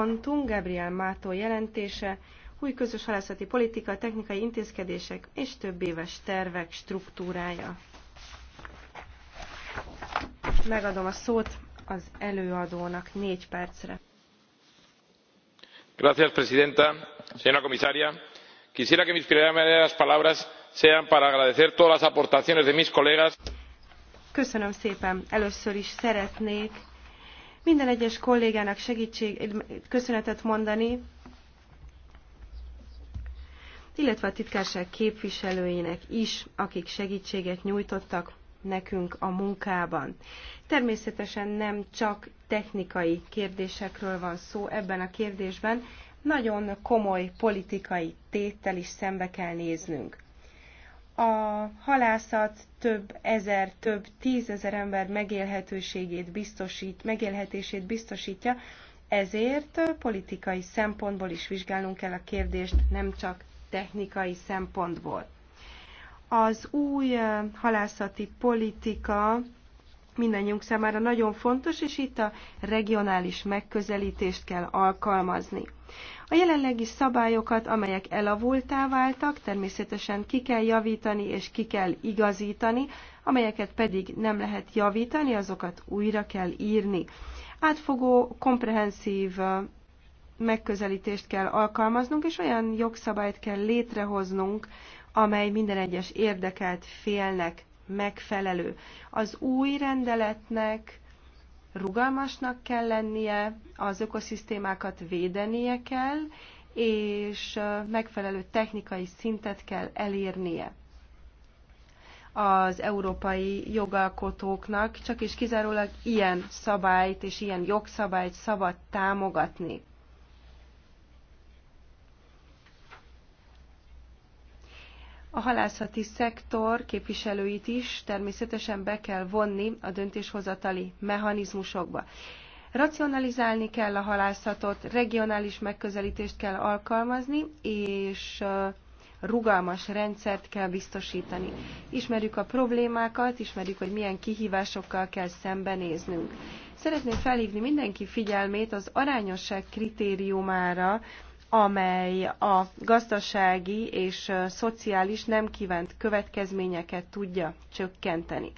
pontunk Gabriel Mátó jelentése, új közös halászati politika, technikai intézkedések és több éves tervek struktúrája. Megadom a szót az előadónak négy percre. Gracias, presidenta. Señora comisaria, quisiera que mis primeras palabras sean para agradecer todas las aportaciones de mis colegas. Köszönöm szépen. Először is szeretnék minden egyes kollégának segítség, köszönetet mondani, illetve a titkárság képviselőinek is, akik segítséget nyújtottak nekünk a munkában. Természetesen nem csak technikai kérdésekről van szó ebben a kérdésben, nagyon komoly politikai téttel is szembe kell néznünk a halászat több ezer, több tízezer ember megélhetőségét biztosít, megélhetését biztosítja, ezért politikai szempontból is vizsgálnunk kell a kérdést, nem csak technikai szempontból. Az új halászati politika mindannyiunk számára nagyon fontos, és itt a regionális megközelítést kell alkalmazni. A jelenlegi szabályokat, amelyek elavultá váltak, természetesen ki kell javítani és ki kell igazítani, amelyeket pedig nem lehet javítani, azokat újra kell írni. Átfogó, komprehenszív megközelítést kell alkalmaznunk, és olyan jogszabályt kell létrehoznunk, amely minden egyes érdekelt félnek megfelelő. Az új rendeletnek rugalmasnak kell lennie, az ökoszisztémákat védenie kell, és megfelelő technikai szintet kell elérnie az európai jogalkotóknak, csak és kizárólag ilyen szabályt és ilyen jogszabályt szabad támogatni. A halászati szektor képviselőit is természetesen be kell vonni a döntéshozatali mechanizmusokba. Racionalizálni kell a halászatot, regionális megközelítést kell alkalmazni, és rugalmas rendszert kell biztosítani. Ismerjük a problémákat, ismerjük, hogy milyen kihívásokkal kell szembenéznünk. Szeretném felhívni mindenki figyelmét az arányosság kritériumára, amely a gazdasági és szociális nem kívánt következményeket tudja csökkenteni.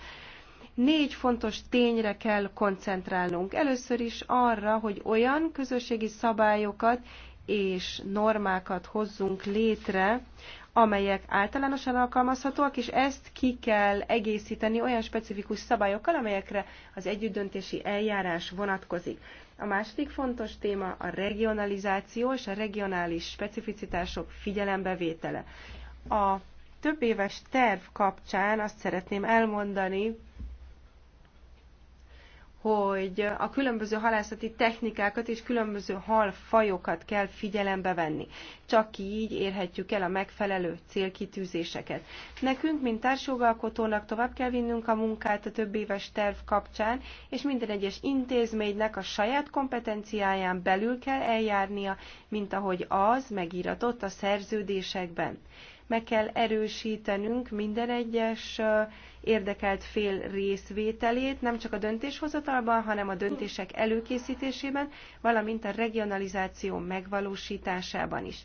Négy fontos tényre kell koncentrálnunk. Először is arra, hogy olyan közösségi szabályokat és normákat hozzunk létre, amelyek általánosan alkalmazhatóak, és ezt ki kell egészíteni olyan specifikus szabályokkal, amelyekre az együttdöntési eljárás vonatkozik. A második fontos téma a regionalizáció és a regionális specificitások figyelembevétele. A több éves terv kapcsán azt szeretném elmondani, hogy a különböző halászati technikákat és különböző halfajokat kell figyelembe venni. Csak így érhetjük el a megfelelő célkitűzéseket. Nekünk, mint társjogalkotónak tovább kell vinnünk a munkát a több éves terv kapcsán, és minden egyes intézménynek a saját kompetenciáján belül kell eljárnia, mint ahogy az megíratott a szerződésekben meg kell erősítenünk minden egyes érdekelt fél részvételét, nem csak a döntéshozatalban, hanem a döntések előkészítésében, valamint a regionalizáció megvalósításában is.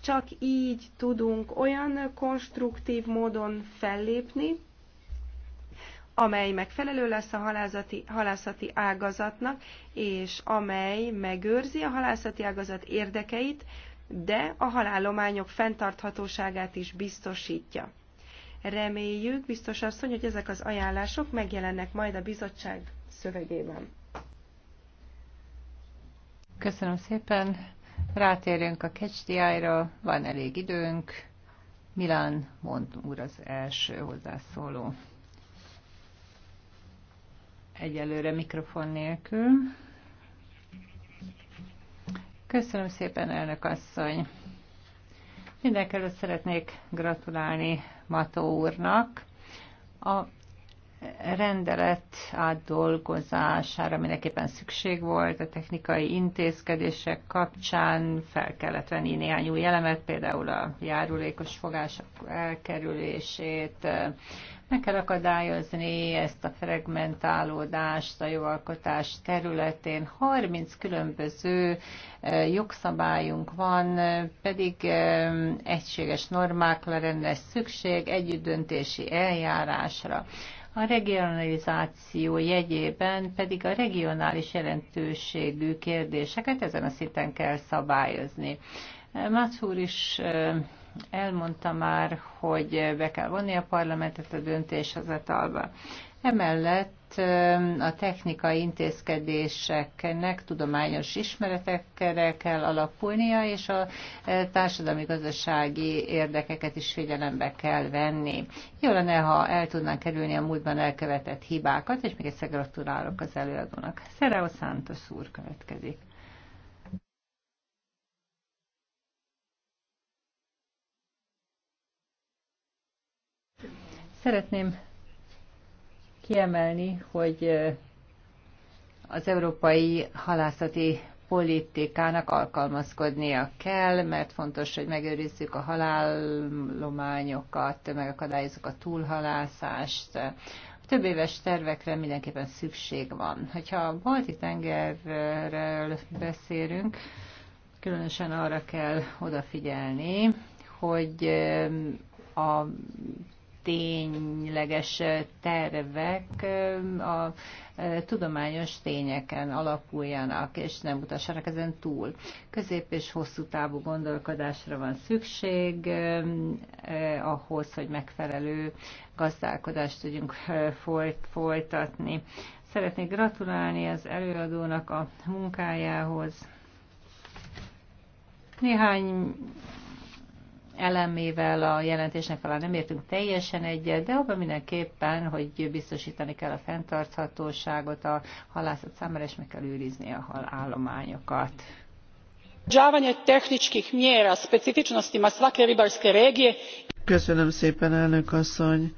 Csak így tudunk olyan konstruktív módon fellépni, amely megfelelő lesz a halászati, halászati ágazatnak, és amely megőrzi a halászati ágazat érdekeit, de a halállományok fenntarthatóságát is biztosítja. Reméljük, biztos asszony, hogy ezek az ajánlások megjelennek majd a bizottság szövegében. Köszönöm szépen. Rátérünk a kcdi van elég időnk. Milán Mond úr az első hozzászóló. Egyelőre mikrofon nélkül. Köszönöm szépen, elnök asszony. Mindenkelőtt szeretnék gratulálni Mató úrnak. A rendelet átdolgozására mindenképpen szükség volt, a technikai intézkedések kapcsán fel kellett venni néhány új elemet, például a járulékos fogások elkerülését, meg kell akadályozni ezt a fragmentálódást a jogalkotás területén. 30 különböző e, jogszabályunk van, e, pedig e, egységes normákra lenne szükség, együttdöntési eljárásra a regionalizáció jegyében pedig a regionális jelentőségű kérdéseket ezen a szinten kell szabályozni. Mács úr is elmondta már, hogy be kell vonni a parlamentet a döntéshozatalba. Emellett a technikai intézkedéseknek tudományos ismeretekre kell alapulnia, és a társadalmi-gazdasági érdekeket is figyelembe kell venni. Jó lenne, ha el tudnánk kerülni a múltban elkövetett hibákat, és még egyszer gratulálok az előadónak. Szereo Santos úr következik. Szeretném kiemelni, hogy az európai halászati politikának alkalmazkodnia kell, mert fontos, hogy megőrizzük a halállományokat, megakadályozzuk a túlhalászást. A több éves tervekre mindenképpen szükség van. Hogyha a balti tengerről beszélünk, különösen arra kell odafigyelni, hogy a tényleges tervek a tudományos tényeken alapuljanak, és nem utassanak ezen túl. Közép és hosszú távú gondolkodásra van szükség eh, ahhoz, hogy megfelelő gazdálkodást tudjunk folyt, folytatni. Szeretnék gratulálni az előadónak a munkájához. Néhány elemével a jelentésnek talán nem értünk teljesen egyet, de abban mindenképpen, hogy biztosítani kell a fenntarthatóságot a halászat számára, és meg kell őrizni a halállományokat. Köszönöm szépen, elnök asszony!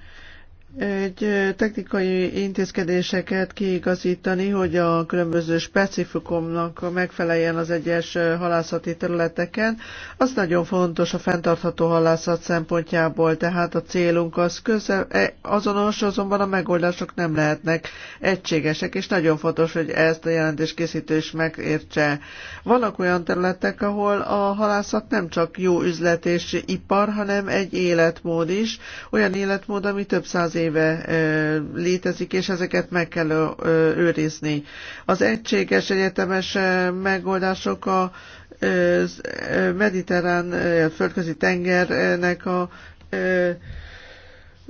egy technikai intézkedéseket kiigazítani, hogy a különböző specifikumnak megfeleljen az egyes halászati területeken. Az nagyon fontos a fenntartható halászat szempontjából, tehát a célunk az közel, e, azonos, azonban a megoldások nem lehetnek egységesek, és nagyon fontos, hogy ezt a jelentéskészítő is megértse. Vannak olyan területek, ahol a halászat nem csak jó üzlet és ipar, hanem egy életmód is, olyan életmód, ami több száz év éve létezik, és ezeket meg kell őrizni. Az egységes egyetemes megoldások a mediterrán, földközi tengernek a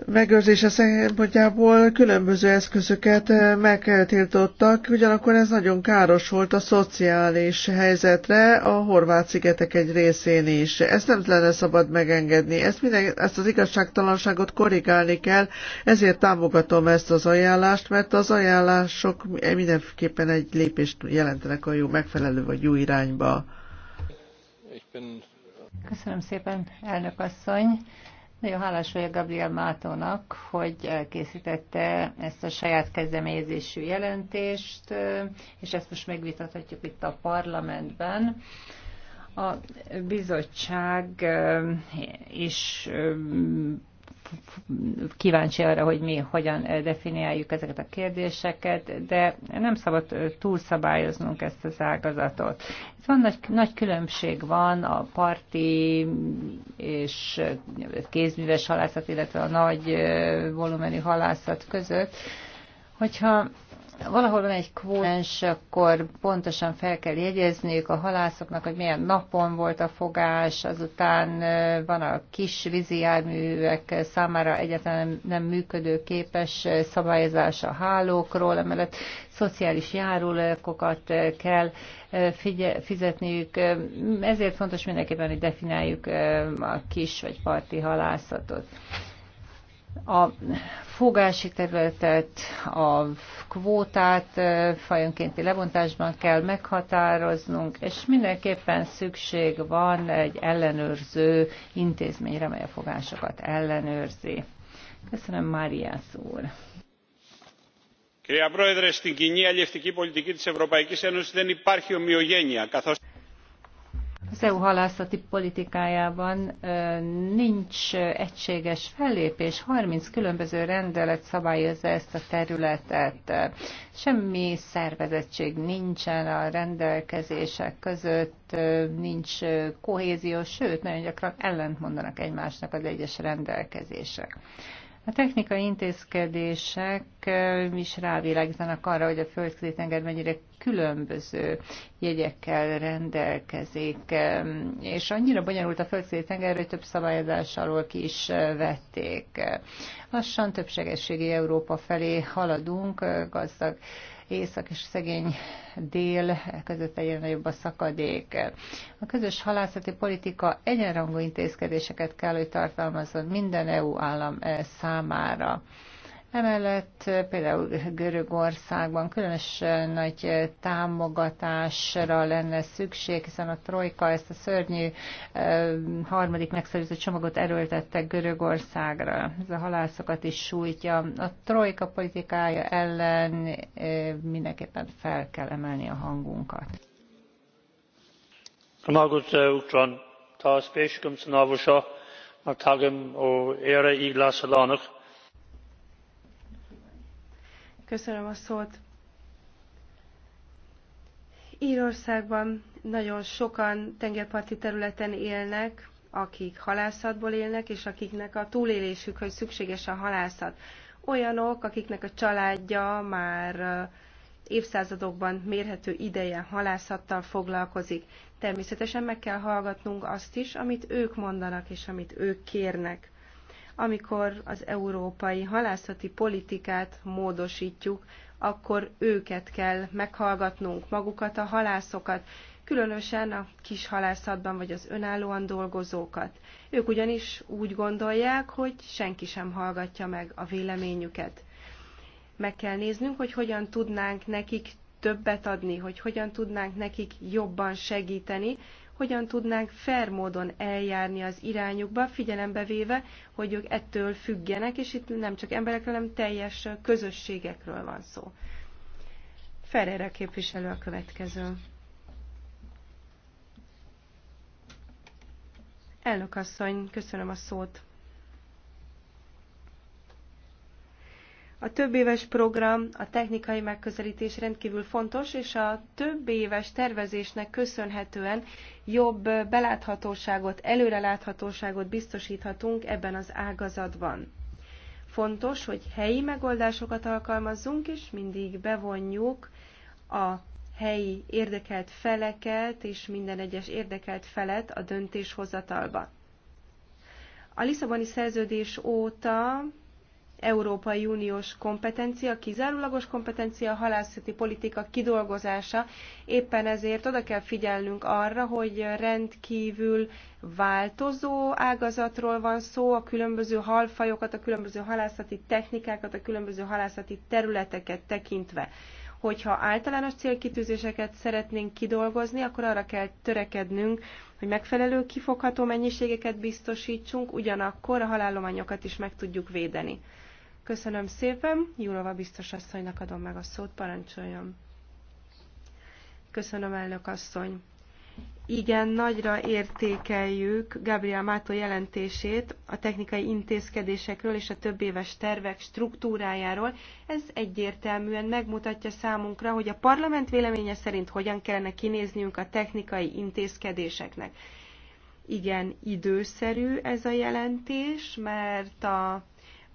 megőrzése szempontjából különböző eszközöket eh, megtiltottak, ugyanakkor ez nagyon káros volt a szociális helyzetre a horvát szigetek egy részén is. Ezt nem lenne szabad megengedni, ezt, minden, ezt az igazságtalanságot korrigálni kell, ezért támogatom ezt az ajánlást, mert az ajánlások mindenképpen egy lépést jelentenek a jó megfelelő vagy jó irányba. Köszönöm szépen, elnök asszony. Nagyon hálás vagyok Gabriel Mátónak, hogy elkészítette ezt a saját kezdeményezésű jelentést, és ezt most megvitathatjuk itt a parlamentben. A bizottság is kíváncsi arra, hogy mi hogyan eh, definiáljuk ezeket a kérdéseket, de nem szabad eh, túlszabályoznunk ezt az ágazatot. Itt van nagy, nagy különbség van a parti és eh, kézműves halászat, illetve a nagy volumenű halászat között. Hogyha valahol van egy kvótens, akkor pontosan fel kell jegyezniük a halászoknak, hogy milyen napon volt a fogás, azután van a kis vízi járművek számára egyáltalán nem működő képes szabályozás a hálókról, emellett szociális járulékokat kell figye, fizetniük. Ezért fontos mindenképpen, hogy defináljuk a kis vagy parti halászatot a fogási területet, a kvótát fajonkénti lebontásban kell meghatároznunk, és mindenképpen szükség van egy ellenőrző intézményre, mely a fogásokat ellenőrzi. Köszönöm, Máriász úr. Κυρία Πρόεδρε, στην κοινή αλληλευτική πολιτική της Ευρωπαϊκής Ένωσης δεν υπάρχει ομοιογένεια, καθώς az EU halászati politikájában nincs egységes fellépés, 30 különböző rendelet szabályozza ezt a területet. Semmi szervezettség nincsen a rendelkezések között, nincs kohézió, sőt, nagyon gyakran ellentmondanak egymásnak az egyes rendelkezések. A technikai intézkedések is rávilágítanak arra, hogy a földközi tenger mennyire különböző jegyekkel rendelkezik, és annyira bonyolult a földközi tenger, hogy több szabályozás alól ki is vették. Lassan többségességi Európa felé haladunk, gazdag észak és szegény dél között egyre nagyobb a szakadék. A közös halászati politika egyenrangú intézkedéseket kell, hogy tartalmazzon minden EU állam eh, számára. Emellett eh, például Görögországban különös eh, nagy eh, támogatásra lenne szükség, hiszen a Trojka ezt a szörnyű harmadik megszerzett csomagot erőltette Görögországra. Ez a halászokat is sújtja. A Trojka politikája ellen mindenképpen fel kell emelni a hangunkat. Margot Utron, tá spéisiúm san ó Köszönöm a szót. Írországban nagyon sokan tengerparti területen élnek, akik halászatból élnek, és akiknek a túlélésükhöz szükséges a halászat. Olyanok, akiknek a családja már évszázadokban mérhető ideje halászattal foglalkozik. Természetesen meg kell hallgatnunk azt is, amit ők mondanak és amit ők kérnek amikor az európai halászati politikát módosítjuk, akkor őket kell meghallgatnunk, magukat a halászokat, különösen a kis halászatban vagy az önállóan dolgozókat. Ők ugyanis úgy gondolják, hogy senki sem hallgatja meg a véleményüket. Meg kell néznünk, hogy hogyan tudnánk nekik többet adni, hogy hogyan tudnánk nekik jobban segíteni, hogyan tudnánk fair módon eljárni az irányukba, figyelembe véve, hogy ők ettől függenek, és itt nem csak emberekről, hanem teljes közösségekről van szó. Ferreira képviselő a következő. Elnök asszony, köszönöm a szót. A több éves program, a technikai megközelítés rendkívül fontos, és a több éves tervezésnek köszönhetően jobb beláthatóságot, előreláthatóságot biztosíthatunk ebben az ágazatban. Fontos, hogy helyi megoldásokat alkalmazzunk, és mindig bevonjuk a helyi érdekelt feleket és minden egyes érdekelt felet a döntéshozatalba. A Lisszaboni szerződés óta Európai Uniós kompetencia, kizárólagos kompetencia, a halászati politika kidolgozása. Éppen ezért oda kell figyelnünk arra, hogy rendkívül változó ágazatról van szó, a különböző halfajokat, a különböző halászati technikákat, a különböző halászati területeket tekintve. Hogyha általános célkitűzéseket szeretnénk kidolgozni, akkor arra kell törekednünk, hogy megfelelő kifogható mennyiségeket biztosítsunk, ugyanakkor a halállományokat is meg tudjuk védeni. Köszönöm szépen, Jurova biztos asszonynak adom meg a szót, parancsoljon. Köszönöm, elnök asszony. Igen, nagyra értékeljük Gabriel Mátó jelentését a technikai intézkedésekről és a több éves tervek struktúrájáról. Ez egyértelműen megmutatja számunkra, hogy a parlament véleménye szerint hogyan kellene kinézniünk a technikai intézkedéseknek. Igen, időszerű ez a jelentés, mert a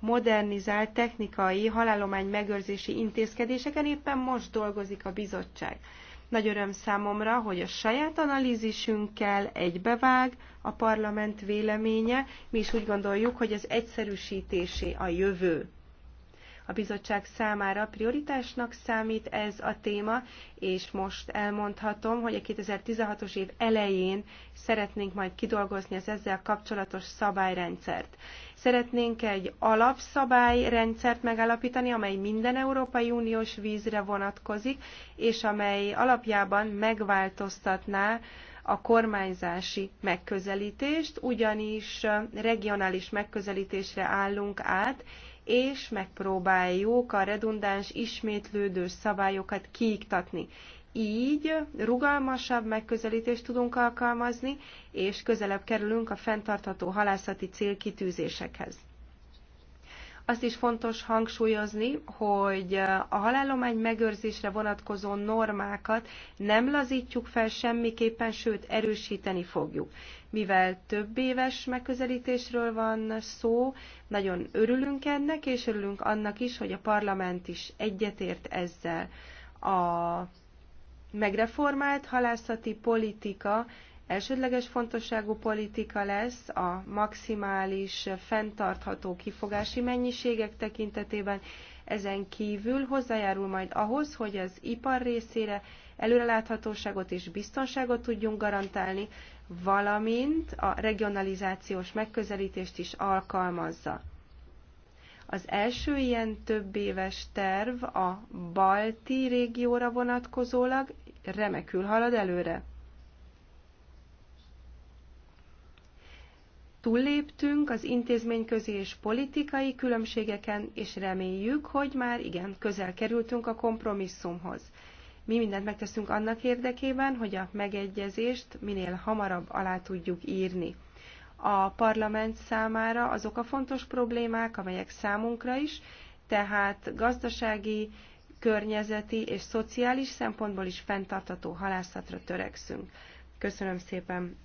modernizált technikai halálomány megőrzési intézkedéseken éppen most dolgozik a bizottság. Nagy öröm számomra, hogy a saját analízisünkkel egybevág a parlament véleménye, mi is úgy gondoljuk, hogy az egyszerűsítésé a jövő. A bizottság számára prioritásnak számít ez a téma, és most elmondhatom, hogy a 2016-os év elején szeretnénk majd kidolgozni az ezzel kapcsolatos szabályrendszert. Szeretnénk egy alapszabályrendszert megállapítani, amely minden Európai Uniós vízre vonatkozik, és amely alapjában megváltoztatná a kormányzási megközelítést, ugyanis regionális megközelítésre állunk át, és megpróbáljuk a redundáns, ismétlődő szabályokat kiiktatni. Így rugalmasabb megközelítést tudunk alkalmazni, és közelebb kerülünk a fenntartható halászati célkitűzésekhez. Azt is fontos hangsúlyozni, hogy a halállomány megőrzésre vonatkozó normákat nem lazítjuk fel semmiképpen, sőt erősíteni fogjuk. Mivel több éves megközelítésről van szó, nagyon örülünk ennek, és örülünk annak is, hogy a parlament is egyetért ezzel. A megreformált halászati politika elsődleges fontosságú politika lesz a maximális fenntartható kifogási mennyiségek tekintetében. Ezen kívül hozzájárul majd ahhoz, hogy az ipar részére előreláthatóságot és biztonságot tudjunk garantálni, valamint a regionalizációs megközelítést is alkalmazza. Az első ilyen több éves terv a balti régióra vonatkozólag remekül halad előre. Túlléptünk az intézményközi és politikai különbségeken, és reméljük, hogy már igen, közel kerültünk a kompromisszumhoz. Mi mindent megteszünk annak érdekében, hogy a megegyezést minél hamarabb alá tudjuk írni. A parlament számára azok a fontos problémák, amelyek számunkra is, tehát gazdasági, környezeti és szociális szempontból is fenntartható halászatra törekszünk. Köszönöm szépen!